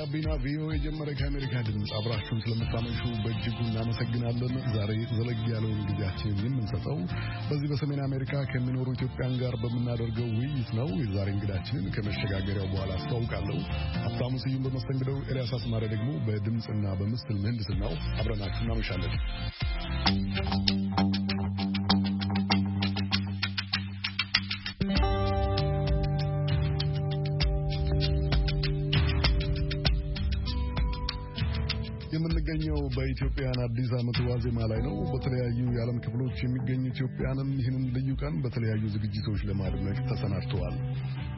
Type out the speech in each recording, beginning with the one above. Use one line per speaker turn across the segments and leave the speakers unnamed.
ጋቢና ቪኦኤ የጀመረ ከአሜሪካ ድምፅ አብራችሁን ስለምታመሹ በእጅጉ እናመሰግናለን። ዛሬ ዘለግ ያለውን ጊዜያችን የምንሰጠው በዚህ በሰሜን አሜሪካ ከሚኖሩ ኢትዮጵያን ጋር በምናደርገው ውይይት ነው። የዛሬ እንግዳችንን ከመሸጋገሪያው በኋላ አስተዋውቃለሁ። ሀብታሙ ስዩም በመስተንግደው፣ ኤልያስ አስማረ ደግሞ በድምፅና በምስል ምህንድስናው አብረናችሁ እናመሻለን። የምንገኘው በኢትዮጵያን አዲስ ዓመት ዋዜማ ላይ ነው። በተለያዩ የዓለም ክፍሎች የሚገኙ ኢትዮጵያንም ይህንን ልዩ ቀን በተለያዩ ዝግጅቶች ለማድመቅ ተሰናድተዋል።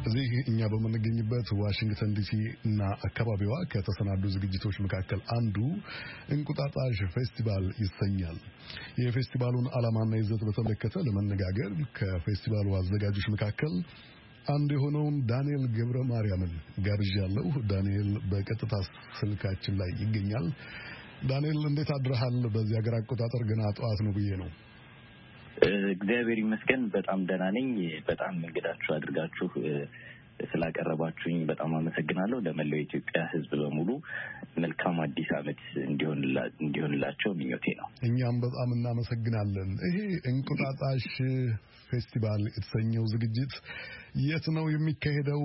እዚህ እኛ በምንገኝበት ዋሽንግተን ዲሲ እና አካባቢዋ ከተሰናዱ ዝግጅቶች መካከል አንዱ እንቁጣጣሽ ፌስቲቫል ይሰኛል። የፌስቲቫሉን ዓላማና ይዘት በተመለከተ ለመነጋገር ከፌስቲቫሉ አዘጋጆች መካከል አንድ የሆነውን ዳንኤል ገብረ ማርያምን ጋብዣለሁ። ዳንኤል በቀጥታ ስልካችን ላይ ይገኛል። ዳንኤል እንዴት አድረሃል? በዚህ ሀገር አቆጣጠር ገና ጠዋት ነው ብዬ ነው።
እግዚአብሔር ይመስገን በጣም ደህና ነኝ። በጣም እንግዳችሁ አድርጋችሁ ስላቀረባችሁኝ በጣም አመሰግናለሁ። ለመላው የኢትዮጵያ ሕዝብ በሙሉ መልካም አዲስ ዓመት እንዲሆንላቸው ምኞቴ ነው።
እኛም በጣም እናመሰግናለን። ይሄ እንቁጣጣሽ ፌስቲቫል የተሰኘው ዝግጅት የት ነው የሚካሄደው?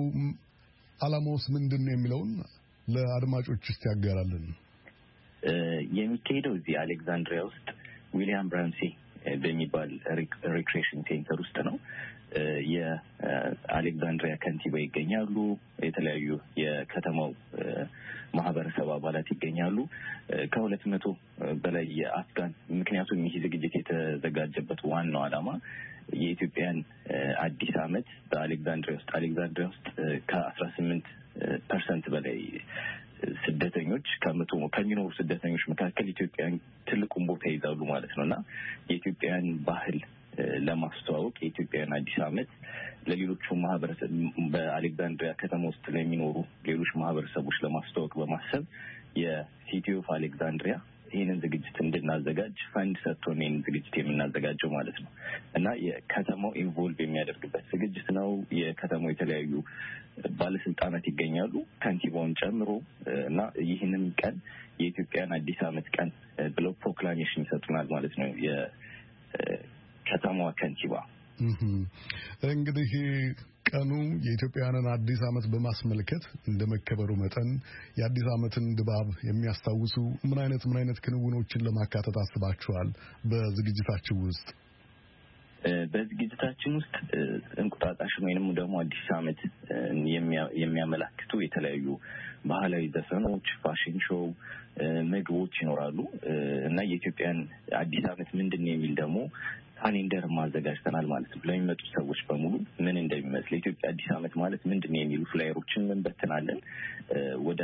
ዓላማውስ ምንድን ነው የሚለውን ለአድማጮች ውስጥ ያጋራልን።
የሚካሄደው እዚህ አሌክዛንድሪያ ውስጥ ዊሊያም ራምሴ በሚባል ሪክሬሽን ሴንተር ውስጥ ነው። የአሌክዛንድሪያ ከንቲባ ይገኛሉ። የተለያዩ የከተማው ማህበረሰብ አባላት ይገኛሉ። ከሁለት መቶ በላይ የአፍጋን ምክንያቱም ይህ ዝግጅት የተዘጋጀበት ዋናው ዓላማ የኢትዮጵያን አዲስ ዓመት በአሌክዛንድሪያ ውስጥ አሌክዛንድሪያ ውስጥ ከአስራ ስምንት ፐርሰንት በላይ ስደተኞች ከመቶ ከሚኖሩ ስደተኞች መካከል ኢትዮጵያን ትልቁን ቦታ ይዛሉ ማለት ነው እና የኢትዮጵያን ባህል ለማስተዋወቅ የኢትዮጵያን አዲስ ዓመት ለሌሎቹ ማህበረሰብ በአሌክዛንድሪያ ከተማ ውስጥ ለሚኖሩ ሌሎች ማህበረሰቦች ለማስተዋወቅ በማሰብ የሲቲ ኦፍ አሌክዛንድሪያ ይህንን ዝግጅት እንድናዘጋጅ ፈንድ ሰጥቶን ይህን ዝግጅት የምናዘጋጀው ማለት ነው እና የከተማው ኢንቮልቭ የሚያደርግበት ዝግጅት ነው። የከተማው የተለያዩ ባለስልጣናት ይገኛሉ፣ ከንቲባውን ጨምሮ እና ይህንን ቀን የኢትዮጵያን አዲስ ዓመት ቀን ብለው ፕሮክላሜሽን ይሰጡናል ማለት ነው የከተማዋ ከንቲባ
እንግዲህ ቀኑ የኢትዮጵያውያንን አዲስ ዓመት በማስመልከት እንደ መከበሩ መጠን የአዲስ ዓመትን ድባብ የሚያስታውሱ ምን አይነት ምን አይነት ክንውኖችን ለማካተት አስባችኋል በዝግጅታችን ውስጥ?
በዝግጅታችን ውስጥ እንቁጣጣሽ ወይንም ደግሞ አዲስ ዓመት የሚያመላክቱ የተለያዩ ባህላዊ ዘፈኖች፣ ፋሽን ሾው፣ ምግቦች ይኖራሉ እና የኢትዮጵያን አዲስ ዓመት ምንድን ነው የሚል ደግሞ ካሌንደርም አዘጋጅተናል ማለት ነው። ለሚመጡ ሰዎች በሙሉ ምን እንደሚመስል ለኢትዮጵያ አዲስ ዓመት ማለት ምንድን ነው የሚሉ ፍላየሮችን እንበትናለን። ወደ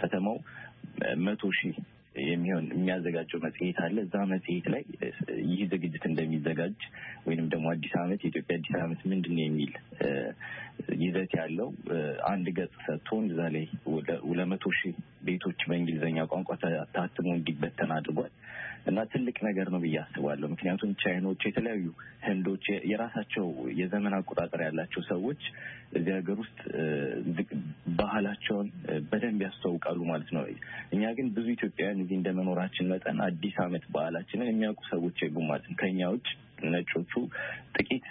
ከተማው መቶ ሺህ የሚሆን የሚያዘጋጀው መጽሔት አለ። እዛ መጽሔት ላይ ይህ ዝግጅት እንደሚዘጋጅ ወይንም ደግሞ አዲስ ዓመት የኢትዮጵያ አዲስ ዓመት ምንድን ነው የሚል ይዘት ያለው አንድ ገጽ ሰጥቶን እዛ ላይ ለመቶ ሺህ ቤቶች በእንግሊዝኛ ቋንቋ ታትሞ እንዲበተን አድርጓል። እና ትልቅ ነገር ነው ብዬ አስባለሁ። ምክንያቱም ቻይኖች፣ የተለያዩ ህንዶች፣ የራሳቸው የዘመን አቆጣጠር ያላቸው ሰዎች እዚህ ሀገር ውስጥ ባህላቸውን በደንብ ያስተዋውቃሉ ማለት ነው። እኛ ግን ብዙ ኢትዮጵያውያን እዚህ እንደመኖራችን መጠን አዲስ አመት ባህላችንን የሚያውቁ ሰዎች የሉም ማለት ነው ከእኛ ውጭ ነጮቹ ጥቂት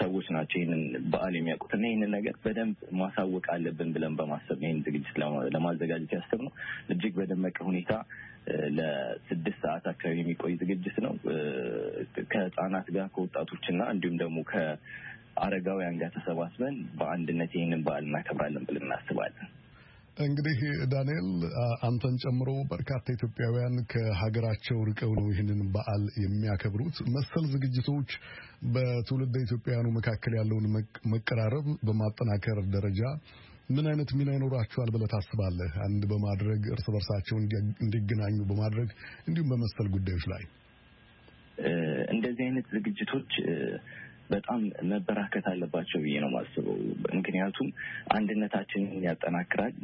ሰዎች ናቸው ይህንን በዓል የሚያውቁት እና ይህንን ነገር በደንብ ማሳወቅ አለብን ብለን በማሰብ ይህን ዝግጅት ለማዘጋጀት ያሰብነው እጅግ በደመቀ ሁኔታ ለስድስት ሰዓት አካባቢ የሚቆይ ዝግጅት ነው። ከህጻናት ጋር ከወጣቶችና እንዲሁም ደግሞ ከአረጋውያን ጋር ተሰባስበን በአንድነት ይህንን በዓል እናከብራለን ብለን እናስባለን።
እንግዲህ ዳንኤል አንተን ጨምሮ በርካታ ኢትዮጵያውያን ከሀገራቸው ርቀው ነው ይህንን በዓል የሚያከብሩት። መሰል ዝግጅቶች በትውልደ ኢትዮጵያውያኑ መካከል ያለውን መቀራረብ በማጠናከር ደረጃ ምን አይነት ሚና ይኖራቸዋል ብለህ ታስባለህ? አንድ በማድረግ እርስ በርሳቸው እንዲገናኙ በማድረግ እንዲሁም በመሰል ጉዳዮች ላይ
እንደዚህ አይነት ዝግጅቶች በጣም መበራከት አለባቸው ብዬ ነው የማስበው። ምክንያቱም አንድነታችንን ያጠናክራል።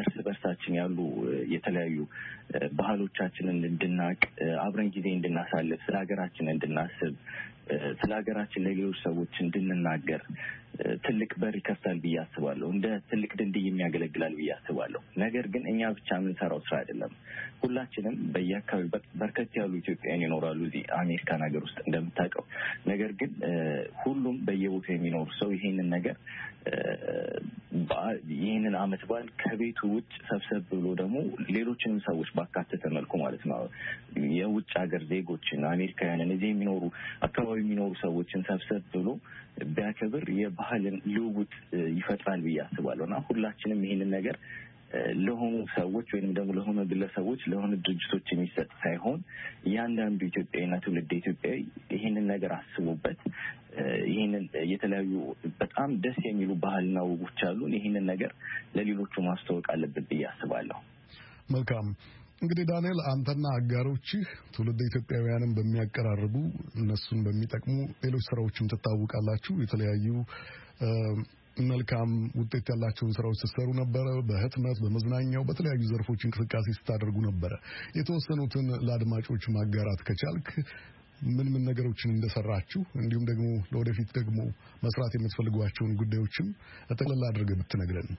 እርስ በርሳችን ያሉ የተለያዩ ባህሎቻችንን እንድናቅ፣ አብረን ጊዜ እንድናሳልፍ፣ ስለ ሀገራችን እንድናስብ፣ ስለ ሀገራችን ለሌሎች ሰዎች እንድንናገር ትልቅ በር ይከፍታል ብዬ አስባለሁ። እንደ ትልቅ ድልድይ የሚያገለግላል ብዬ አስባለሁ። ነገር ግን እኛ ብቻ የምንሰራው ስራ አይደለም። ሁላችንም በየአካባቢ በርከት ያሉ ኢትዮጵያውያን ይኖራሉ እዚህ አሜሪካን ሀገር ውስጥ እንደምታውቀው። ነገር ግን ሁሉም በየቦታው የሚኖሩ ሰው ይሄንን ነገር ይህንን አመት በዓል ከቤቱ ውጭ ሰብሰብ ብሎ ደግሞ ሌሎችንም ሰዎች ባካተተ መልኩ ማለት ነው የውጭ ሀገር ዜጎችን አሜሪካውያንን እዚህ የሚኖሩ አካባቢ የሚኖሩ ሰዎችን ሰብሰብ ብሎ ቢያከብር የባህልን ልውውጥ ይፈጥራል ብዬ አስባለሁ እና ሁላችንም ይህንን ነገር ለሆኑ ሰዎች ወይም ደግሞ ለሆኑ ግለሰቦች፣ ለሆኑ ድርጅቶች የሚሰጥ ሳይሆን እያንዳንዱ ኢትዮጵያዊና ትውልድ ኢትዮጵያዊ ይህንን ነገር አስቦበት ይህንን የተለያዩ በጣም ደስ የሚሉ ባህልና ወጎች አሉን። ይህንን ነገር ለሌሎቹ ማስተዋወቅ አለብን ብዬ አስባለሁ።
መልካም እንግዲህ ዳንኤል አንተና አጋሮችህ ትውልድ ኢትዮጵያውያንን በሚያቀራርቡ እነሱን በሚጠቅሙ ሌሎች ስራዎችም ትታወቃላችሁ። የተለያዩ መልካም ውጤት ያላቸውን ስራዎች ስትሰሩ ነበረ። በህትመት፣ በመዝናኛው፣ በተለያዩ ዘርፎች እንቅስቃሴ ስታደርጉ ነበረ። የተወሰኑትን ለአድማጮች ማጋራት ከቻልክ ምን ምን ነገሮችን እንደሰራችሁ እንዲሁም ደግሞ ለወደፊት ደግሞ መስራት የምትፈልጓቸውን ጉዳዮችም ጠቅለል አድርገህ ብትነግረን።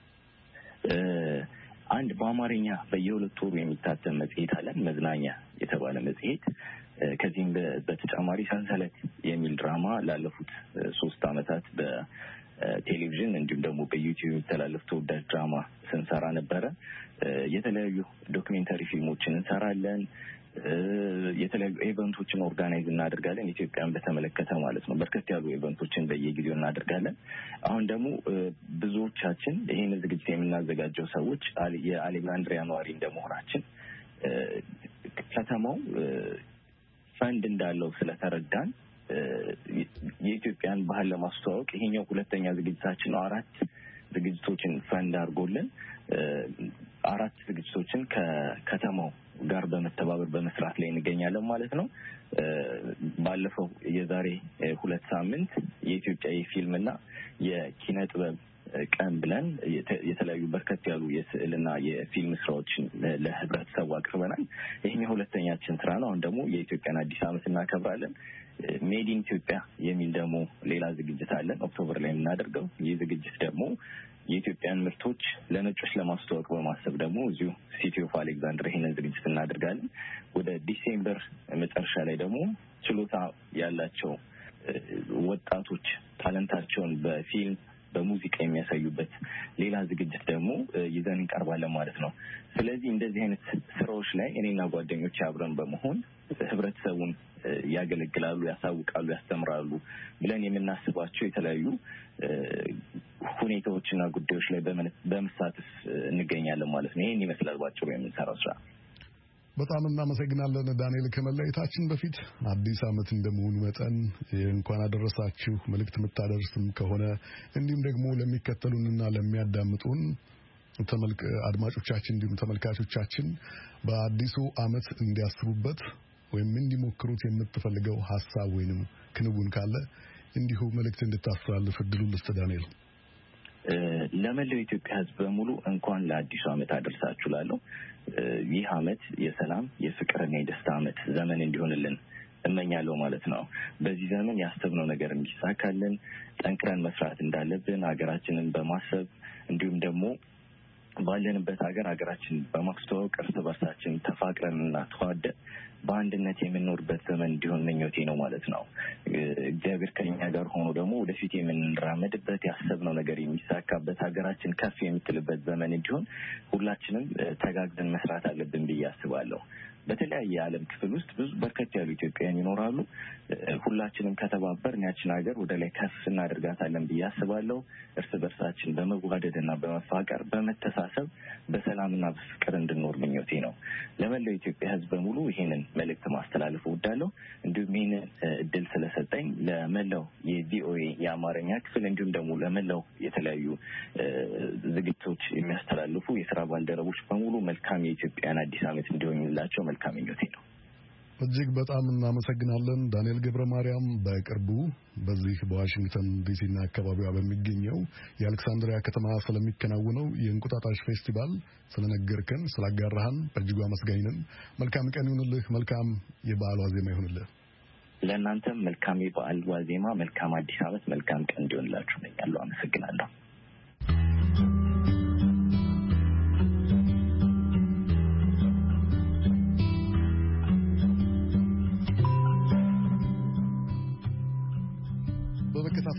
አንድ በአማርኛ በየሁለት ወሩ የሚታተም መጽሔት አለን። መዝናኛ የተባለ መጽሔት። ከዚህም በተጨማሪ ሰንሰለት የሚል ድራማ ላለፉት ሶስት ዓመታት በቴሌቪዥን እንዲሁም ደግሞ በዩቲዩብ የሚተላለፍ ተወዳጅ ድራማ ስንሰራ ነበረ። የተለያዩ ዶክሜንተሪ ፊልሞችን እንሰራለን። የተለያዩ ኤቨንቶችን ኦርጋናይዝ እናደርጋለን። ኢትዮጵያን በተመለከተ ማለት ነው። በርከት ያሉ ኤቨንቶችን በየጊዜው እናደርጋለን። አሁን ደግሞ ብዙዎቻችን ይህን ዝግጅት የምናዘጋጀው ሰዎች የአሌክዛንድሪያ ነዋሪ እንደመሆናችን ከተማው ፈንድ እንዳለው ስለተረዳን የኢትዮጵያን ባህል ለማስተዋወቅ ይሄኛው ሁለተኛ ዝግጅታችን ነው። አራት ዝግጅቶችን ፈንድ አድርጎልን አራት ዝግጅቶችን ከከተማው ጋር በመተባበር በመስራት ላይ እንገኛለን ማለት ነው። ባለፈው የዛሬ ሁለት ሳምንት የኢትዮጵያ የፊልምና የኪነ ጥበብ ቀን ብለን የተለያዩ በርከት ያሉ የስዕልና የፊልም ስራዎችን ለህብረተሰቡ አቅርበናል። ይህም የሁለተኛችን ስራ ነው። አሁን ደግሞ የኢትዮጵያን አዲስ ዓመት እናከብራለን። ሜድ ኢን ኢትዮጵያ የሚል ደግሞ ሌላ ዝግጅት አለን ኦክቶበር ላይ የምናደርገው። ይህ ዝግጅት ደግሞ የኢትዮጵያን ምርቶች ለነጮች ለማስተዋወቅ በማሰብ ደግሞ እዚሁ ሲቲ ኦፍ አሌክዛንድር ይህንን ዝግጅት እናደርጋለን። ወደ ዲሴምበር መጨረሻ ላይ ደግሞ ችሎታ ያላቸው ወጣቶች ታለንታቸውን በፊልም በሙዚቃ የሚያሳዩበት ሌላ ዝግጅት ደግሞ ይዘን እንቀርባለን ማለት ነው። ስለዚህ እንደዚህ አይነት ስራዎች ላይ እኔና ጓደኞች አብረን በመሆን ህብረተሰቡን ያገለግላሉ፣ ያሳውቃሉ፣ ያስተምራሉ ብለን የምናስባቸው የተለያዩ ሁኔታዎችና ጉዳዮች ላይ በመሳተፍ እንገኛለን ማለት ነው። ይህን ይመስላል ባጭሩ የምንሰራው ስራ።
በጣም እናመሰግናለን ዳንኤል። ከመለየታችን በፊት አዲስ ዓመት እንደመሆኑ መጠን እንኳን አደረሳችሁ መልእክት የምታደርስም ከሆነ እንዲሁም ደግሞ ለሚከተሉንና ለሚያዳምጡን አድማጮቻችን እንዲሁም ተመልካቾቻችን በአዲሱ ዓመት እንዲያስቡበት ወይም እንዲሞክሩት የምትፈልገው ሀሳብ ወይንም ክንውን ካለ እንዲሁ መልእክት እንድታስተላልፍ እድሉን ልስጥ ዳንኤል።
ለመላው የኢትዮጵያ ሕዝብ በሙሉ እንኳን ለአዲሱ ዓመት አደርሳችሁ እላለሁ። ይህ ዓመት የሰላም የፍቅርና የደስታ ዓመት ዘመን እንዲሆንልን እመኛለሁ ማለት ነው። በዚህ ዘመን ያሰብነው ነገር እንዲሳካልን ጠንክረን መስራት እንዳለብን ሀገራችንን በማሰብ እንዲሁም ደግሞ ባለንበት ሀገር ሀገራችን በማስተዋወቅ እርስ በርሳችን እና ተዋደ በአንድነት የምንኖርበት ዘመን እንዲሆን ምኞቴ ነው ማለት ነው። እግዚአብሔር ከኛ ጋር ሆኖ ደግሞ ወደፊት የምንራመድበት ያሰብነው ነገር የሚሳካበት ሀገራችን ከፍ የምትልበት ዘመን እንዲሆን ሁላችንም ተጋግዘን መስራት አለብን ብዬ አስባለሁ። በተለያየ የዓለም ክፍል ውስጥ ብዙ በርከት ያሉ ኢትዮጵያውያን ይኖራሉ። ሁላችንም ከተባበርን ያችን ሀገር ወደ ላይ ከፍ እናደርጋታለን ብዬ አስባለሁ። እርስ በርሳችን በመዋደድ እና በመፋቀር በመተሳሰብ በሰላምና በፍቅር እንድኖር ምኞቴ ነው። ለመላው የኢትዮጵያ ሕዝብ በሙሉ ይህንን መልእክት ማስተላለፍ እወዳለሁ። እንዲሁም ይህንን እድል ስለሰጠኝ ለመላው የቪኦኤ የአማርኛ ክፍል እንዲሁም ደግሞ ለመላው የተለያዩ ዝግጅቶች የሚያስተላልፉ የስራ ባልደረቦች በሙሉ መልካም የኢትዮጵያን አዲስ ዓመት እንዲሆንላቸው መልካም ምኞቴ ነው።
እጅግ በጣም እናመሰግናለን ዳንኤል ገብረ ማርያም። በቅርቡ በዚህ በዋሽንግተን ዲሲና አካባቢዋ በሚገኘው የአሌክሳንድሪያ ከተማ ስለሚከናወነው የእንቁጣጣሽ ፌስቲቫል ስለነገርከን፣ ስላጋራሃን በእጅጉ አመስጋኝንን። መልካም ቀን ይሁንልህ። መልካም የበዓል ዋዜማ ይሁንልህ።
ለእናንተም መልካም የበዓል ዋዜማ፣ መልካም አዲስ ዓመት፣ መልካም ቀን እንዲሆንላችሁ እመኛለሁ። አመሰግናለሁ።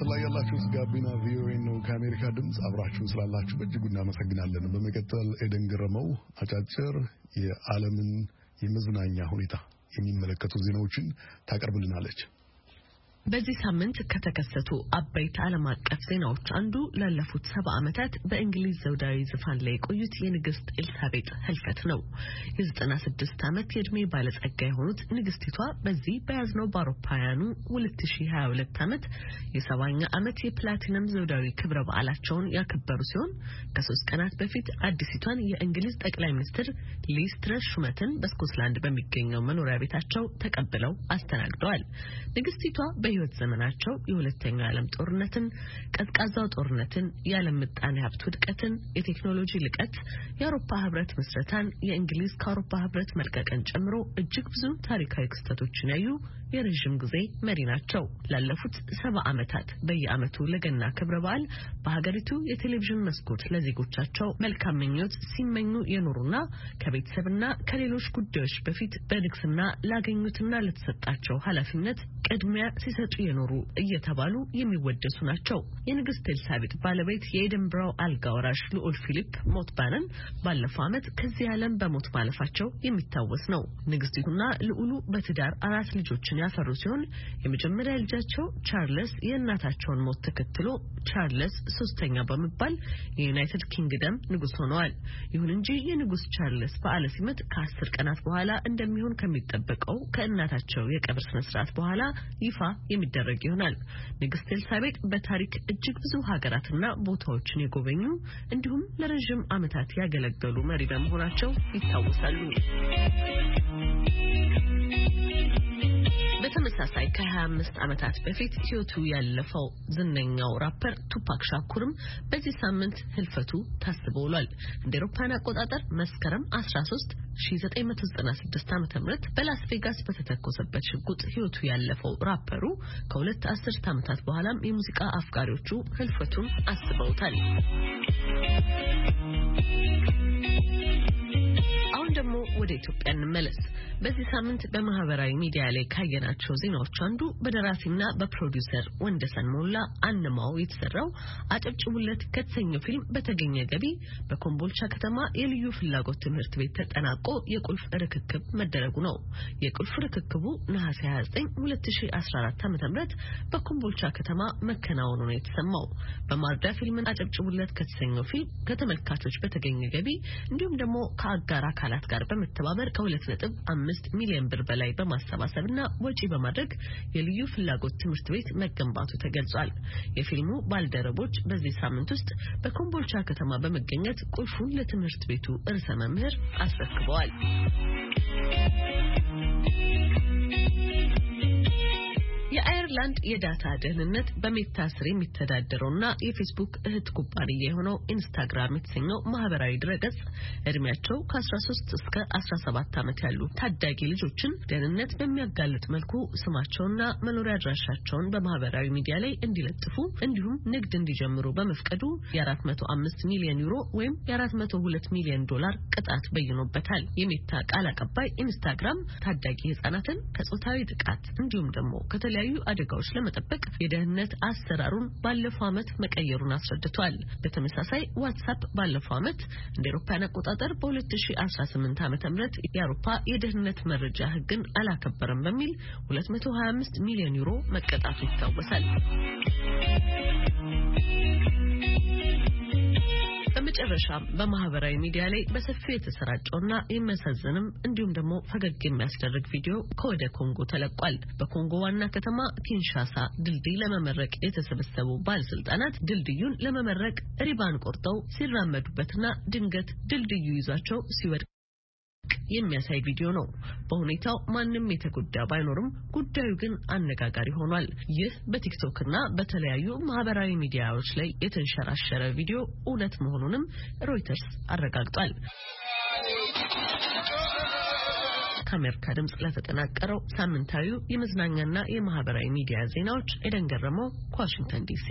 በመስመር ላይ ያላችሁት ጋቢና ቪኦኤ ነው። ከአሜሪካ ድምፅ አብራችሁን ስላላችሁ በእጅጉ እናመሰግናለን። በመቀጠል ኤደን ገረመው አጫጭር የዓለምን የመዝናኛ ሁኔታ የሚመለከቱ ዜናዎችን ታቀርብልናለች።
በዚህ ሳምንት ከተከሰቱ አበይት ዓለም አቀፍ ዜናዎች አንዱ ላለፉት ሰባ ዓመታት በእንግሊዝ ዘውዳዊ ዙፋን ላይ የቆዩት የንግስት ኤልሳቤጥ ህልፈት ነው። የ የ96 ዓመት የዕድሜ ባለጸጋ የሆኑት ንግስቲቷ በዚህ በያዝነው በአውሮፓውያኑ 2022 ዓመት የሰባኛ ዓመት የፕላቲነም ዘውዳዊ ክብረ በዓላቸውን ያከበሩ ሲሆን ከሶስት ቀናት በፊት አዲሲቷን የእንግሊዝ ጠቅላይ ሚኒስትር ሊስትረስ ሹመትን በስኮትላንድ በሚገኘው መኖሪያ ቤታቸው ተቀብለው አስተናግደዋል። ንግስቲቷ በ በሕይወት ዘመናቸው የሁለተኛው ዓለም ጦርነትን፣ ቀዝቃዛው ጦርነትን፣ የዓለም ምጣኔ ሀብት ውድቀትን፣ የቴክኖሎጂ ልቀት፣ የአውሮፓ ህብረት ምስረታን፣ የእንግሊዝ ከአውሮፓ ህብረት መልቀቅን ጨምሮ እጅግ ብዙ ታሪካዊ ክስተቶችን ያዩ የረዥም ጊዜ መሪ ናቸው። ላለፉት ሰባ ዓመታት በየዓመቱ ለገና ክብረ በዓል በሀገሪቱ የቴሌቪዥን መስኮት ለዜጎቻቸው መልካም ምኞት ሲመኙ የኖሩና ከቤተሰብና ከሌሎች ጉዳዮች በፊት በንግስና ላገኙትና ለተሰጣቸው ኃላፊነት ቅድሚያ ሲሰጡ የኖሩ እየተባሉ የሚወደሱ ናቸው። የንግስት ኤልሳቤጥ ባለቤት የኤደንብራው አልጋ ወራሽ ልዑል ፊሊፕ ሞትባንን ባለፈው ዓመት ከዚህ ዓለም በሞት ማለፋቸው የሚታወስ ነው። ንግስቲቱና ልዑሉ በትዳር አራት ልጆችን ልጆችን ያፈሩ ሲሆን የመጀመሪያ ልጃቸው ቻርለስ የእናታቸውን ሞት ተከትሎ ቻርለስ ሶስተኛ በመባል የዩናይትድ ኪንግደም ንጉስ ሆነዋል። ይሁን እንጂ የንጉስ ቻርለስ በዓለ ሲመት ከአስር ቀናት በኋላ እንደሚሆን ከሚጠበቀው ከእናታቸው የቀብር ስነስርዓት በኋላ ይፋ የሚደረግ ይሆናል። ንግስት ኤልሳቤጥ በታሪክ እጅግ ብዙ ሀገራትና ቦታዎችን የጎበኙ እንዲሁም ለረዥም ዓመታት ያገለገሉ መሪ በመሆናቸው ይታወሳሉ። በተመሳሳይ ከ25 ዓመታት በፊት ሕይወቱ ያለፈው ዝነኛው ራፐር ቱፓክ ሻኩርም በዚህ ሳምንት ህልፈቱ ታስቦ ውሏል። እንደ ኤሮፓን አቆጣጠር መስከረም 13 1996 ዓ ም በላስ ቬጋስ በተተኮሰበት ሽጉጥ ሕይወቱ ያለፈው ራፐሩ ከሁለት አስርት ዓመታት በኋላም የሙዚቃ አፍቃሪዎቹ ህልፈቱን አስበውታል። ደግሞ ወደ ኢትዮጵያ እንመለስ። በዚህ ሳምንት በማህበራዊ ሚዲያ ላይ ካየናቸው ዜናዎች አንዱ በደራሲና በፕሮዲውሰር ወንደሰን ሞላ አንማው የተሰራው አጨብጭቡለት ከተሰኘው ፊልም በተገኘ ገቢ በኮምቦልቻ ከተማ የልዩ ፍላጎት ትምህርት ቤት ተጠናቆ የቁልፍ ርክክብ መደረጉ ነው። የቁልፍ ርክክቡ ነሐሴ 29 2014 ም በኮምቦልቻ ከተማ መከናወኑ ነው የተሰማው። በማርዳ ፊልምን አጨብጭቡለት ከተሰኘው ፊልም ከተመልካቾች በተገኘ ገቢ እንዲሁም ደግሞ ከአጋር አካላት ጋር በመተባበር ከ 25 ሚሊዮን ብር በላይ በማሰባሰብ እና ወጪ በማድረግ የልዩ ፍላጎት ትምህርት ቤት መገንባቱ ተገልጿል። የፊልሙ ባልደረቦች በዚህ ሳምንት ውስጥ በኮምቦልቻ ከተማ በመገኘት ቁልፉን ለትምህርት ቤቱ እርሰ መምህር አስረክበዋል። የአየርላንድ የዳታ ደህንነት በሜታ ስር የሚተዳደረውና የፌስቡክ እህት ኩባንያ የሆነው ኢንስታግራም የተሰኘው ማህበራዊ ድረገጽ እድሜያቸው ከ13 እስከ 17 ዓመት ያሉ ታዳጊ ልጆችን ደህንነት በሚያጋልጥ መልኩ ስማቸውና መኖሪያ አድራሻቸውን በማህበራዊ ሚዲያ ላይ እንዲለጥፉ እንዲሁም ንግድ እንዲጀምሩ በመፍቀዱ የ405 ሚሊዮን ዩሮ ወይም የ402 ሚሊዮን ዶላር ቅጣት በይኖበታል። የሜታ ቃል አቀባይ ኢንስታግራም ታዳጊ ህጻናትን ከጾታዊ ጥቃት እንዲሁም ደግሞ ከተለያዩ አደጋዎች ለመጠበቅ የደህንነት አሰራሩን ባለፈው ዓመት መቀየሩን አስረድቷል። በተመሳሳይ ዋትሳፕ ባለፈው ዓመት እንደ አውሮፓውያን አቆጣጠር በ2018 ዓ ም የአውሮፓ የደህንነት መረጃ ህግን አላከበረም በሚል 225 ሚሊዮን ዩሮ መቀጣቱ ይታወሳል። በመጨረሻም በማህበራዊ ሚዲያ ላይ በሰፊው የተሰራጨውና የሚያሳዝንም እንዲሁም ደግሞ ፈገግ የሚያስደርግ ቪዲዮ ከወደ ኮንጎ ተለቋል። በኮንጎ ዋና ከተማ ኪንሻሳ ድልድይ ለመመረቅ የተሰበሰቡ ባለስልጣናት ድልድዩን ለመመረቅ ሪባን ቆርጠው ሲራመዱበትና ድንገት ድልድዩ ይዟቸው ሲወድቅ የሚያሳይ ቪዲዮ ነው። በሁኔታው ማንም የተጎዳ ባይኖርም ጉዳዩ ግን አነጋጋሪ ሆኗል። ይህ በቲክቶክ እና በተለያዩ ማህበራዊ ሚዲያዎች ላይ የተንሸራሸረ ቪዲዮ እውነት መሆኑንም ሮይተርስ አረጋግጧል። ከአሜሪካ ድምፅ ለተጠናቀረው ሳምንታዊ የመዝናኛና የማህበራዊ ሚዲያ ዜናዎች ኤደን ገረመው ከዋሽንግተን ዲሲ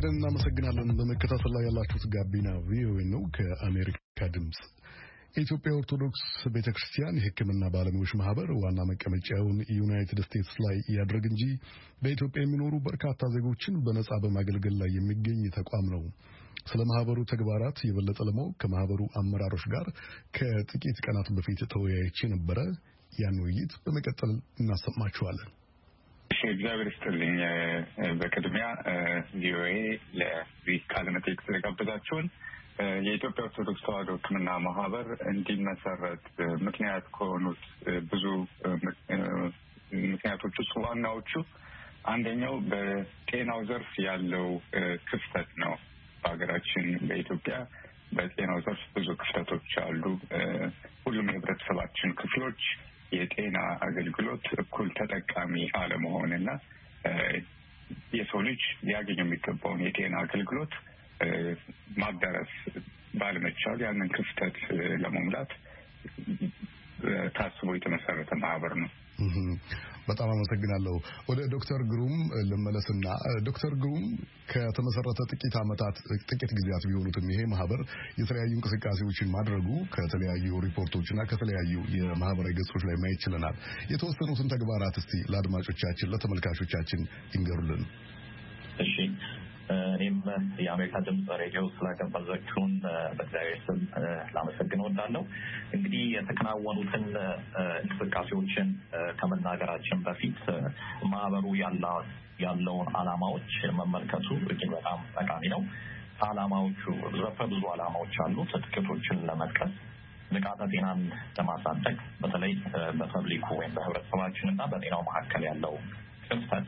ፈቀደን እናመሰግናለን። በመከታተል ላይ ያላችሁት ጋቢና ቪኦኤ ነው ከአሜሪካ ድምፅ። የኢትዮጵያ ኦርቶዶክስ ቤተ ክርስቲያን የሕክምና ባለሙያዎች ማህበር ዋና መቀመጫውን ዩናይትድ ስቴትስ ላይ እያደረግ እንጂ በኢትዮጵያ የሚኖሩ በርካታ ዜጎችን በነጻ በማገልገል ላይ የሚገኝ ተቋም ነው። ስለ ማህበሩ ተግባራት የበለጠ ለማወቅ ከማህበሩ አመራሮች ጋር ከጥቂት ቀናት በፊት ተወያይቼ ነበረ። ያን ውይይት በመቀጠል እናሰማችኋለን።
እሺ እግዚአብሔር ይስጥልኝ። በቅድሚያ ቪኦኤ ለዚህ ቃለ መጠይቅ ስለጋበዛችሁን የኢትዮጵያ ኦርቶዶክስ ተዋሕዶ ሕክምና ማህበር እንዲመሰረት ምክንያት ከሆኑት ብዙ ምክንያቶች ውስጥ ዋናዎቹ አንደኛው በጤናው ዘርፍ ያለው ክፍተት ነው። በሀገራችን በኢትዮጵያ በጤናው ዘርፍ ብዙ ክፍተቶች አሉ። ሁሉም የህብረተሰባችን ክፍሎች የጤና አገልግሎት እኩል ተጠቃሚ ና የሰው ልጅ ሊያገኘው የሚገባውን የጤና አገልግሎት ማዳረስ ባለመቻል ያንን ክፍተት ለመሙላት ታስቦ የተመሰረተ ማህበር ነው።
በጣም አመሰግናለሁ። ወደ ዶክተር ግሩም ልመለስና ዶክተር ግሩም ከተመሰረተ ጥቂት ዓመታት ጥቂት ጊዜያት ቢሆኑትም ይሄ ማህበር የተለያዩ እንቅስቃሴዎችን ማድረጉ ከተለያዩ ሪፖርቶችና ከተለያዩ የማህበራዊ ገጾች ላይ ማየት ችለናል።
የተወሰኑትን ተግባራት እስቲ
ለአድማጮቻችን ለተመልካቾቻችን ይንገሩልን።
እኔም የአሜሪካ ድምፅ ሬዲዮ ስላቀበላችሁን በእግዚአብሔር ስም ላመሰግን ወዳለው እንግዲህ የተከናወኑትን እንቅስቃሴዎችን ከመናገራችን በፊት ማህበሩ ያለውን አላማዎች መመልከቱ እጅግ በጣም ጠቃሚ ነው። አላማዎቹ ዘፈ ብዙ አላማዎች አሉ ጥቂቶችን ለመጥቀስ ንቃተ ጤናን ለማሳደግ በተለይ በፐብሊኩ ወይም በህብረተሰባችን እና በጤናው መካከል ያለው ክፍተት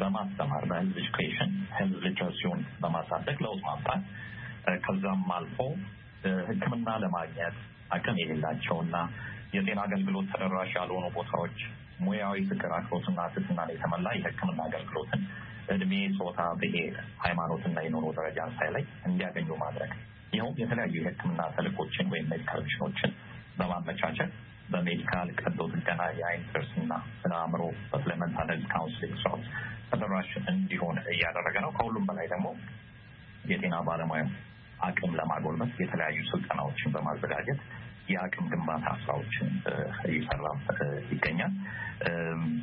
በማስተማር በሄልዝ ኤጁኬሽን ህዝብ ሊትራሲውን በማሳደግ ለውጥ ማምጣት ከዛም አልፎ ህክምና ለማግኘት አቅም የሌላቸው የሌላቸውና የጤና አገልግሎት ተደራሽ ያልሆኑ ቦታዎች ሙያዊ ፍቅር፣ አክብሮትና ትህትናን የተመላ የህክምና አገልግሎትን እድሜ፣ ጾታ፣ ብሔር፣ ሃይማኖትና የኑሮ ደረጃን ሳይለይ እንዲያገኙ ማድረግ ይኸውም የተለያዩ የህክምና ተልእኮችን ወይም ሜዲካል ሚሽኖችን በማመቻቸት በሜዲካል ቀዶ ጥገና የአይን ጥርስና ስነ አእምሮ ሰፕለመንታሪ ካውንስሊንግ ስርዓት ተደራሽ እንዲሆን እያደረገ ነው። ከሁሉም በላይ ደግሞ የጤና ባለሙያ አቅም ለማጎልበት የተለያዩ ስልጠናዎችን በማዘጋጀት የአቅም ግንባታ ስራዎችን እየሰራ ይገኛል።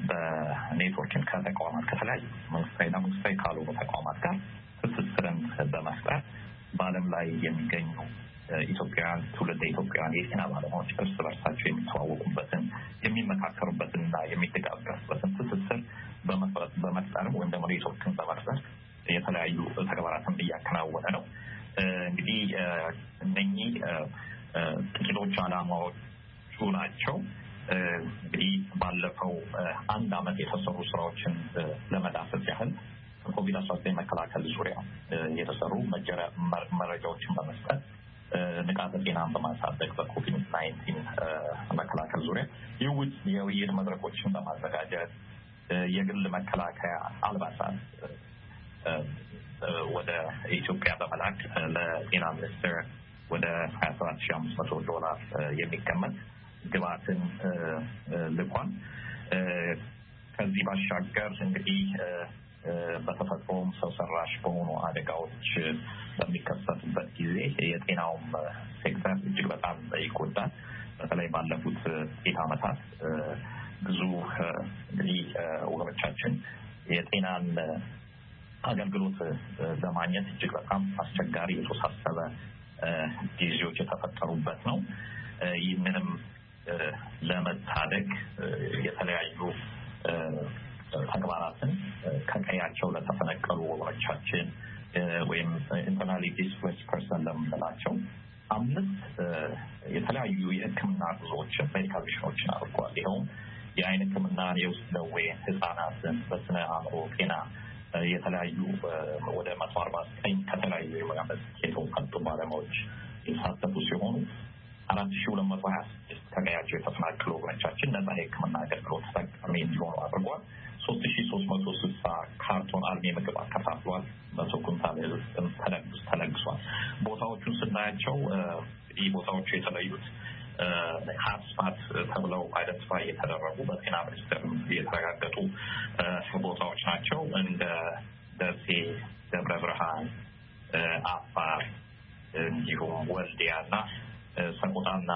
በኔትወርክን ከተቋማት ከተለያዩ መንግስታዊና መንግስታዊ ካልሆኑ ተቋማት ጋር ትስስርን በመፍጠር በዓለም ላይ የሚገኙ ኢትዮጵያውያን ትውልደ ኢትዮጵያውያን የጤና ባለሙያዎች እርስ በርሳቸው የሚተዋወቁበትን የሚመካከሩበትንና የሚደጋገፉበትን ትስስር በመፍጠርም ወይም ደግሞ ሬሶችን በመፍጠር የተለያዩ ተግባራትን እያከናወነ ነው። እንግዲህ እነኚህ ጥቂቶች አላማዎቹ ናቸው። እንግዲህ ባለፈው አንድ አመት የተሰሩ ስራዎችን ለመዳሰስ ጤናን በማሳደግ በኮቪድ ናይንቲን መከላከል ዙሪያ የውይይት መድረኮችን በማዘጋጀት የግል መከላከያ አልባሳት ወደ ኢትዮጵያ በመላክ ለጤና ሚኒስቴር ወደ ሀያ ሰባት ሺ አምስት መቶ ዶላር የሚገመት ግብአትን ልኳን ከዚህ ባሻገር እንግዲህ በተፈጥሮም ሰው ሰራሽ በሆኑ አደጋዎች በሚከሰቱበት ጊዜ የጤናውም ሴክተር እጅግ በጣም ይጎዳል። በተለይ ባለፉት ጥቂት ዓመታት ብዙ እንግዲህ ወገኖቻችን የጤናን አገልግሎት ለማግኘት እጅግ በጣም አስቸጋሪ የተወሳሰበ ጊዜዎች የተፈጠሩበት ነው። ይህንንም ለመታደግ የተለያዩ ተግባራትን ከቀያቸው ለተፈነቀሉ ወገኖቻችን ወይም ኢንተርናሊ ዲስፕሌስ ፐርሰን ለምንላቸው አምስት የተለያዩ የሕክምና ጉዞዎችን ሜዲካል ሚሽኖችን አድርጓል። ይኸውም የአይን ሕክምናን፣ የውስጥ ደዌ፣ ህጻናትን፣ በስነ አእምሮ ጤና የተለያዩ ወደ መቶ አርባ ዘጠኝ ከተለያዩ የመጋመት ኬቶ መጡ ባለሙያዎች የተሳተፉ ሲሆኑ አራት ሺ ሁለት መቶ ሀያ ስድስት ከቀያቸው የተፈናቀሉ ወገኖቻችን ነጻ የህክምና አገልግሎት ተጠቃሚ እንዲሆኑ አድርጓል። ሶስት ሺ ሶስት መቶ ስልሳ ካርቶን አልሚ ምግብ አከፋፍሏል። መቶ ኩንታል ተለግሷል። ቦታዎቹን ስናያቸው ይህ ቦታዎቹ የተለዩት ሀስፓት ተብለው አይደንቲፋይ የተደረጉ በጤና ሚኒስቴር የተረጋገጡ ቦታዎች ናቸው። እንደ ደሴ፣ ደብረ ብርሃን፣ አፋር እንዲሁም ወልዲያ ወልዲያና ሰቆጣና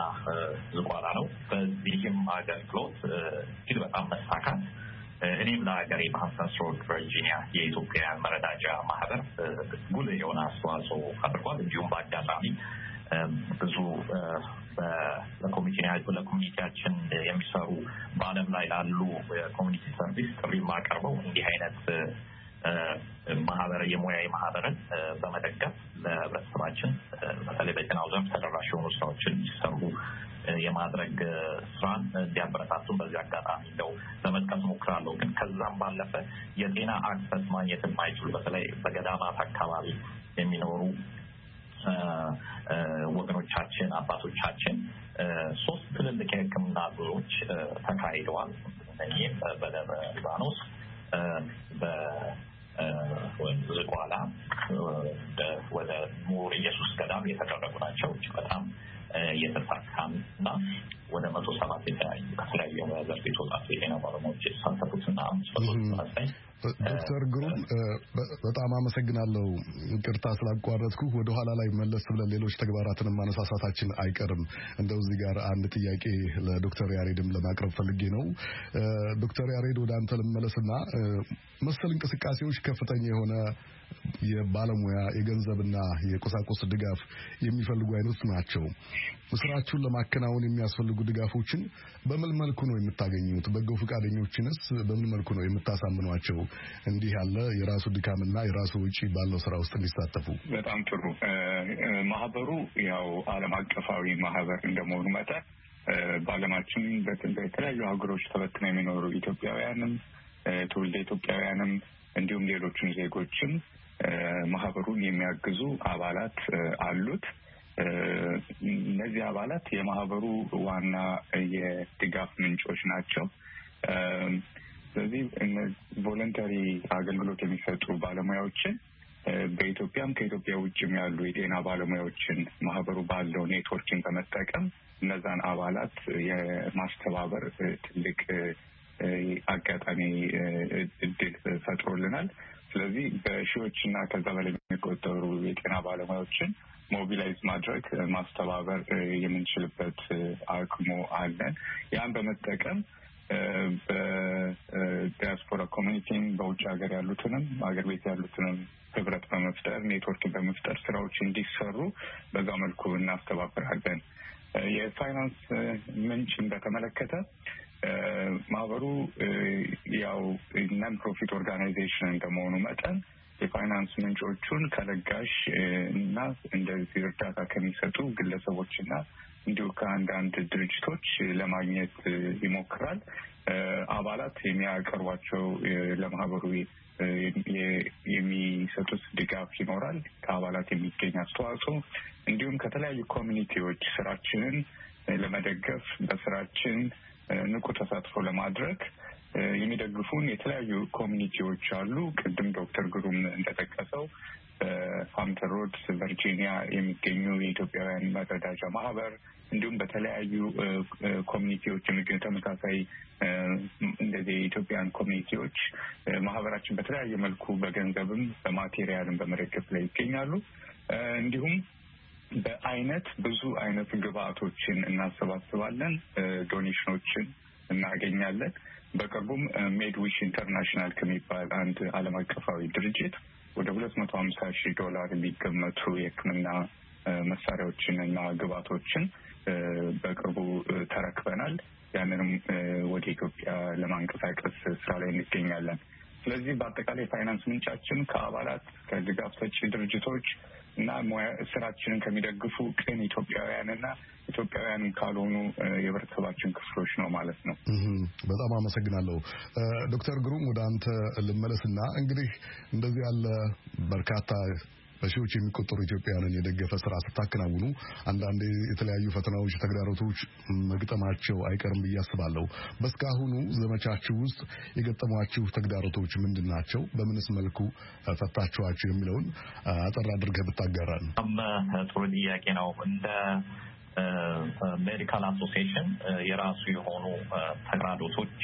ዝቋላ ነው። በዚህም አገልግሎት እጅግ በጣም መሳካት እኔም ለሀገሬ በሀምፕተንስ ቨርጂኒያ የኢትዮጵያውያን መረዳጃ ማህበር ጉልህ የሆነ አስተዋጽኦ አድርጓል። እንዲሁም በአጋጣሚ ብዙ ለኮሚኒቲያችን የሚሰሩ በዓለም ላይ ላሉ የኮሚኒቲ ሰርቪስ ጥሪ ማቀርበው እንዲህ አይነት ማህበር የሙያዊ ማህበርን በመደገፍ ለህብረተሰባችን በተለይ በጤናው ዘርፍ ተደራሽ የሆኑ ስራዎችን እንዲሰሩ የማድረግ ስራን እንዲያበረታቱን በዚህ አጋጣሚ እንደው ለመጥቀስ ሞክራለሁ። ግን ከዛም ባለፈ የጤና አክሰስ ማግኘት የማይችሉ በተለይ በገዳማት አካባቢ የሚኖሩ ወገኖቻችን፣ አባቶቻችን ሶስት ትልልቅ የሕክምና ጉዞዎች ተካሂደዋል። ይህም በደብረ ሊባኖስ ዝቋላ ወደ ሙር ኢየሱስ ገዳም የተደረጉ ናቸው። እጅግ በጣም የተሳካም እና ወደ መቶ ሰባት የተለያዩ ከተለያዩ የሙያ ዘርፍ የተወጣጡ የጤና ባለሙያዎች የተሳተፉትና ላይ
ዶክተር ግሩም በጣም አመሰግናለሁ። ቅርታ ስላቋረጥኩ ወደኋላ ላይ መለስ ብለን ሌሎች ተግባራትን ማነሳሳታችን አይቀርም። እንደው እዚህ ጋር አንድ ጥያቄ ለዶክተር ያሬድም ለማቅረብ ፈልጌ ነው። ዶክተር ያሬድ ወደ አንተ ልመለስና መሰል እንቅስቃሴዎች ከፍተኛ የሆነ የባለሙያ የገንዘብና የቁሳቁስ ድጋፍ የሚፈልጉ አይነት ናቸው። ስራችሁን ለማከናወን የሚያስፈልጉ ድጋፎችን በምን መልኩ ነው የምታገኙት? በጎ ፈቃደኞችንስ በምን መልኩ ነው የምታሳምኗቸው? እንዲህ ያለ የራሱ ድካምና የራሱ ውጪ ባለው ስራ ውስጥ እንዲሳተፉ።
በጣም ጥሩ። ማህበሩ ያው ዓለም አቀፋዊ ማህበር እንደመሆኑ መጠን በዓለማችን በተለያዩ ሀገሮች ተበትነው የሚኖሩ ኢትዮጵያውያንም ትውልደ ኢትዮጵያውያንም እንዲሁም ሌሎችም ዜጎችም ማህበሩን የሚያግዙ አባላት አሉት። እነዚህ አባላት የማህበሩ ዋና የድጋፍ ምንጮች ናቸው። ስለዚህ ቮለንተሪ አገልግሎት የሚሰጡ ባለሙያዎችን በኢትዮጵያም ከኢትዮጵያ ውጭም ያሉ የጤና ባለሙያዎችን ማህበሩ ባለው ኔትወርኪን በመጠቀም እነዛን አባላት የማስተባበር ትልቅ አጋጣሚ እድል ፈጥሮልናል። ስለዚህ በሺዎች እና ከዛ በላይ የሚቆጠሩ የጤና ባለሙያዎችን ሞቢላይዝ ማድረግ ማስተባበር የምንችልበት አቅሞ አለን። ያን በመጠቀም በዲያስፖራ ኮሚኒቲን በውጭ ሀገር ያሉትንም ሀገር ቤት ያሉትንም ህብረት በመፍጠር ኔትወርክ በመፍጠር ስራዎች እንዲሰሩ በዛ መልኩ እናስተባብራለን። የፋይናንስ ምንጭን በተመለከተ ማህበሩ ያው ነን ፕሮፊት ኦርጋናይዜሽን እንደመሆኑ መጠን የፋይናንስ ምንጮቹን ከለጋሽ እና እንደዚህ እርዳታ ከሚሰጡ ግለሰቦችና እንዲሁ ከአንዳንድ ድርጅቶች ለማግኘት ይሞክራል። አባላት የሚያቀርቧቸው ለማህበሩ የሚሰጡት ድጋፍ ይኖራል። ከአባላት የሚገኝ አስተዋጽኦ እንዲሁም ከተለያዩ ኮሚኒቲዎች ስራችንን ለመደገፍ በስራችን ንቁ ተሳትፎ ለማድረግ የሚደግፉን የተለያዩ ኮሚኒቲዎች አሉ። ቅድም ዶክተር ግሩም እንደጠቀሰው በሃምፕተን ሮድስ ቨርጂኒያ የሚገኙ የኢትዮጵያውያን መረዳጃ ማህበር እንዲሁም በተለያዩ ኮሚኒቲዎች የሚገኙ ተመሳሳይ እንደዚህ የኢትዮጵያን ኮሚኒቲዎች ማህበራችን በተለያየ መልኩ በገንዘብም፣ በማቴሪያልም በመደገፍ ላይ ይገኛሉ። እንዲሁም በአይነት ብዙ አይነት ግብአቶችን እናሰባስባለን፣ ዶኔሽኖችን እናገኛለን። በቅርቡም ሜድዊሽ ኢንተርናሽናል ከሚባል አንድ ዓለም አቀፋዊ ድርጅት ወደ ሁለት መቶ ሀምሳ ሺህ ዶላር የሚገመቱ የሕክምና መሳሪያዎችን እና ግብአቶችን በቅርቡ ተረክበናል። ያንንም ወደ ኢትዮጵያ ለማንቀሳቀስ ስራ ላይ እንገኛለን። ስለዚህ በአጠቃላይ የፋይናንስ ምንጫችን ከአባላት ከድጋፍ ሰጪ ድርጅቶች እና ስራችንን ከሚደግፉ ቅን ኢትዮጵያውያንና ኢትዮጵያውያን ካልሆኑ የህብረተሰባችን ክፍሎች ነው ማለት ነው።
በጣም አመሰግናለሁ ዶክተር ግሩም ወደ አንተ ልመለስና እንግዲህ እንደዚህ ያለ በርካታ በሺዎች የሚቆጠሩ ኢትዮጵያውያንን የደገፈ ስራ ስታከናውኑ አንዳንድ የተለያዩ ፈተናዎች፣ ተግዳሮቶች መግጠማቸው አይቀርም ብዬ አስባለሁ። በእስካሁኑ ዘመቻችሁ ውስጥ የገጠሟችሁ ተግዳሮቶች ምንድን ናቸው? በምንስ መልኩ ፈታችኋቸው
የሚለውን አጠር አድርገህ ብታጋራል። ጥሩ ጥያቄ ነው። እንደ ሜዲካል አሶሲሽን የራሱ የሆኑ ተግዳሮቶች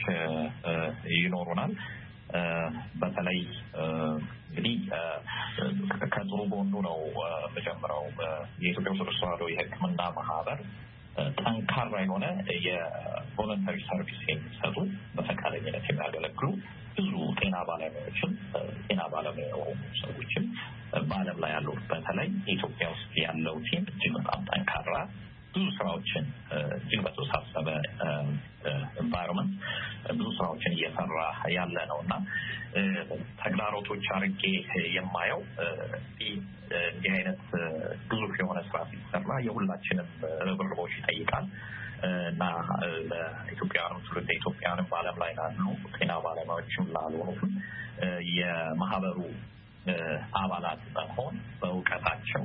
ይኖሩናል። በተለይ እንግዲህ ከጥሩ ጎኑ ነው የምጀምረው። የኢትዮጵያ ኦርቶዶክስ ተዋህዶ የሕክምና ማህበር ጠንካራ የሆነ የቮለንተሪ ሰርቪስ የሚሰጡ በፈቃደኝነት የሚያገለግሉ ብዙ ጤና ባለሙያዎችም ጤና ባለሙያ የሆኑ ሰዎችም በዓለም ላይ ያሉ በተለይ ኢትዮጵያ ውስጥ ያለው ቲም እጅግ በጣም ጠንካራ ብዙ ስራዎችን እጅግ በተወሳሰበ ኤንቫይሮንመንት ብዙ ስራዎችን እየሰራ ያለ ነው እና ተግዳሮቶች አርጌ የማየው እንዲህ አይነት ግዙፍ የሆነ ስራ ሲሰራ የሁላችንም ርብርቦች ይጠይቃል እና ለኢትዮጵያውያኑ ትውልደ ኢትዮጵያውያንም በዓለም ላይ ላሉ ጤና ባለሙያዎችም ላልሆኑትም የማህበሩ አባላት በመሆን በእውቀታቸው፣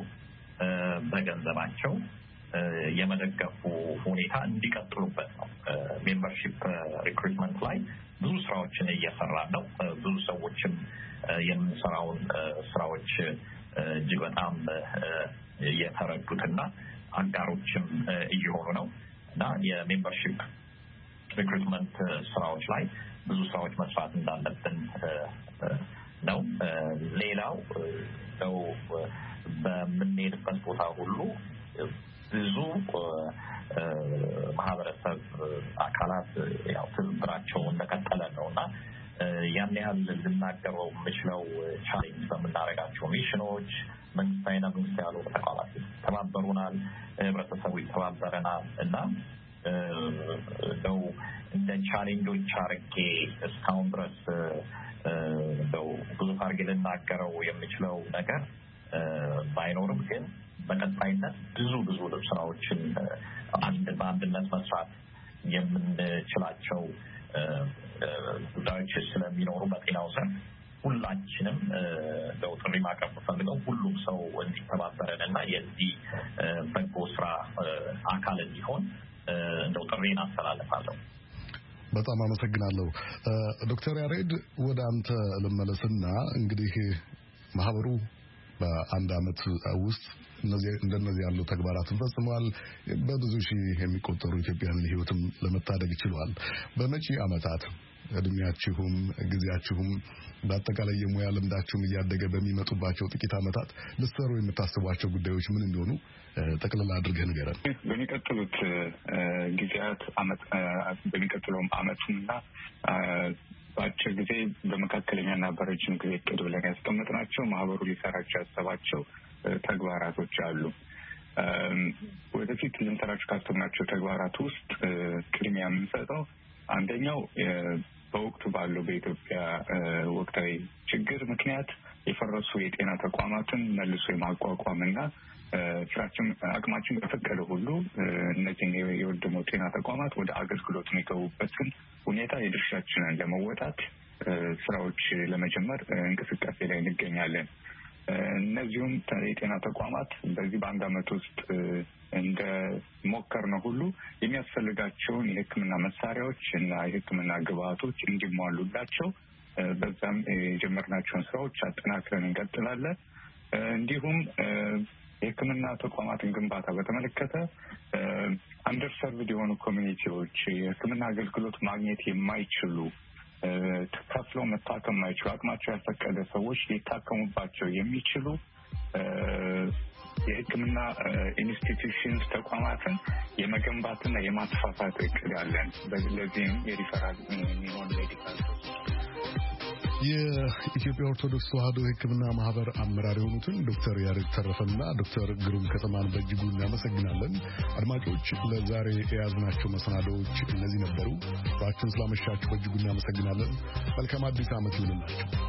በገንዘባቸው የመደገፉ ሁኔታ እንዲቀጥሉበት ነው። ሜምበርሺፕ ሪክሩትመንት ላይ ብዙ ስራዎችን እየሰራ ነው። ብዙ ሰዎችም የምንሰራውን ስራዎች እጅግ በጣም እየተረዱትና አጋሮችም እየሆኑ ነው እና የሜምበርሺፕ ሪክሩትመንት ስራዎች ላይ ብዙ ስራዎች መስራት እንዳለብን ነው። ሌላው ው በምንሄድበት ቦታ ሁሉ ብዙ ማህበረሰብ አካላት ያው ትብብራቸው እንደቀጠለ ነው እና ያን ያህል ልናገረው የምችለው ቻሌንጅ በምናደርጋቸው ሚሽኖች መንግስታዊና መንግስት ያሉ ተቋማት ተባበሩናል፣ ህብረተሰቡ ይተባበረናል እና እንደው እንደ ቻሌንጆች አርጌ እስካሁን ድረስ እንደው ብዙ አርጌ ልናገረው የምችለው ነገር ባይኖርም ግን በቀጣይነት ብዙ ብዙ ስራዎችን በአንድነት መስራት የምንችላቸው ጉዳዮች ስለሚኖሩ በጤናው ዘርፍ ሁላችንም ለውጥ ማቀፍ ፈልገው ሁሉም ሰው እንዲተባበረን እና የዚህ በጎ ስራ አካል እንዲሆን እንደው ጥሬን አስተላልፋለሁ።
በጣም አመሰግናለሁ ዶክተር ያሬድ። ወደ አንተ ልመለስና እንግዲህ ማህበሩ በአንድ አመት ውስጥ እንደነዚህ ያሉ ተግባራትን ፈጽመዋል። በብዙ ሺህ የሚቆጠሩ ኢትዮጵያውያን ህይወትም ለመታደግ ችለዋል። በመጪ ዓመታት እድሜያችሁም ጊዜያችሁም በአጠቃላይ የሙያ ልምዳችሁም እያደገ በሚመጡባቸው ጥቂት ዓመታት ልትሰሩ የምታስቧቸው ጉዳዮች ምን እንደሆኑ ጠቅልላ አድርገህ
ንገረን። በሚቀጥሉት ጊዜያት በሚቀጥለውም ዓመትና በአጭር ጊዜ በመካከለኛና በረጅም ጊዜ እቅድ ብለን ያስቀመጥናቸው ማህበሩ ሊሰራቸው ያሰባቸው ተግባራቶች አሉ። ወደፊት ልንሰራቸው ካሰብናቸው ተግባራት ውስጥ ቅድሚያ የምንሰጠው አንደኛው በወቅቱ ባለው በኢትዮጵያ ወቅታዊ ችግር ምክንያት የፈረሱ የጤና ተቋማትን መልሶ የማቋቋም እና ስራችን አቅማችን በፈቀደ ሁሉ እነዚህን የወደሙ ጤና ተቋማት ወደ አገልግሎት የሚገቡበትን ሁኔታ የድርሻችንን ለመወጣት ስራዎች ለመጀመር እንቅስቃሴ ላይ እንገኛለን። እነዚሁም የጤና ተቋማት በዚህ በአንድ ዓመት ውስጥ እንደ ሞከር ነው ሁሉ የሚያስፈልጋቸውን የሕክምና መሳሪያዎች እና የሕክምና ግብአቶች እንዲሟሉላቸው በዛም የጀመርናቸውን ስራዎች አጠናክረን እንቀጥላለን። እንዲሁም የሕክምና ተቋማትን ግንባታ በተመለከተ አንደርሰርቭድ የሆኑ ኮሚኒቲዎች የሕክምና አገልግሎት ማግኘት የማይችሉ ከፍለው መታከም ማይችሉ አቅማቸው ያልፈቀደ ሰዎች ሊታከሙባቸው የሚችሉ የሕክምና ኢንስቲትዩሽንስ ተቋማትን የመገንባትና የማስፋፋት እቅድ አለን። ለዚህም የሪፈራል የሚሆን
ሜዲካል
የኢትዮጵያ ኦርቶዶክስ ተዋሕዶ ሕክምና ማህበር አመራር የሆኑትን ዶክተር ያሬድ ተረፈና ዶክተር ግሩም ከተማን በእጅጉ እናመሰግናለን። አድማጮች ለዛሬ የያዝናቸው መሰናዶዎች እነዚህ ነበሩ። ባችሁን ስላመሻችሁ በእጅጉ እናመሰግናለን። መልካም አዲስ ዓመት ይሁንላችሁ።